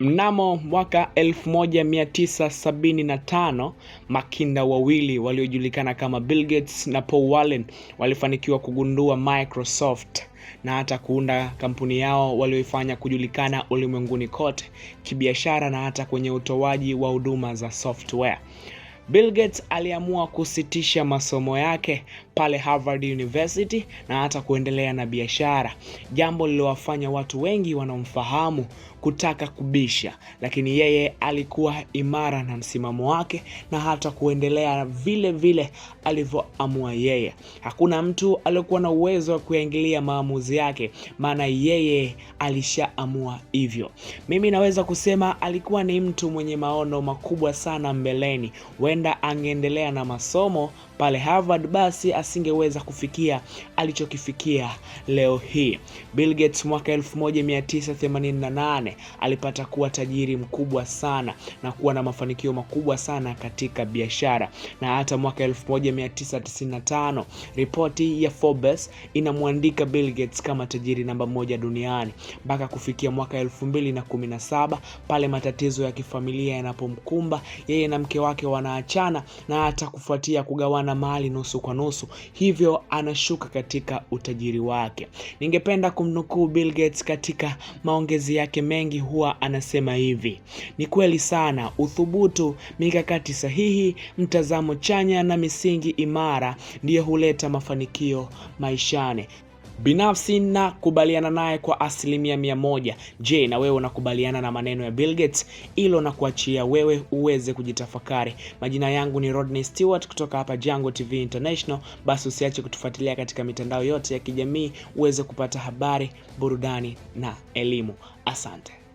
Mnamo mwaka 1975 makinda wawili waliojulikana kama Bill Gates na Paul Allen walifanikiwa kugundua Microsoft na hata kuunda kampuni yao walioifanya kujulikana ulimwenguni kote kibiashara na hata kwenye utoaji wa huduma za software. Bill Gates aliamua kusitisha masomo yake pale Harvard University na hata kuendelea na biashara, jambo lilowafanya watu wengi wanaomfahamu kutaka kubisha, lakini yeye alikuwa imara na msimamo wake na hata kuendelea vile vile alivyoamua yeye. Hakuna mtu aliyekuwa na uwezo wa kuingilia maamuzi yake, maana yeye alishaamua hivyo. Mimi naweza kusema alikuwa ni mtu mwenye maono makubwa sana mbeleni huenda angeendelea na masomo pale Harvard, basi asingeweza kufikia alichokifikia leo hii. Bill Gates mwaka 1988 alipata kuwa tajiri mkubwa sana na kuwa na mafanikio makubwa sana katika biashara, na hata mwaka 1995 ripoti ya Forbes inamwandika Bill Gates kama tajiri namba moja duniani mpaka kufikia mwaka 2017 pale matatizo ya kifamilia yanapomkumba yeye na mke wake wana ataachana na atakufuatia kugawana mali nusu kwa nusu, hivyo anashuka katika utajiri wake. Ningependa kumnukuu Bill Gates katika maongezi yake mengi, huwa anasema hivi: ni kweli sana, uthubutu, mikakati sahihi, mtazamo chanya na misingi imara ndiyo huleta mafanikio maishani. Binafsi nakubaliana naye kwa asilimia mia moja. Je, na wewe unakubaliana na maneno ya Bill Gates? na kuachia wewe uweze kujitafakari. Majina yangu ni Rodney Stewart kutoka hapa Jungle TV International. Basi usiache kutufuatilia katika mitandao yote ya kijamii uweze kupata habari, burudani na elimu. Asante.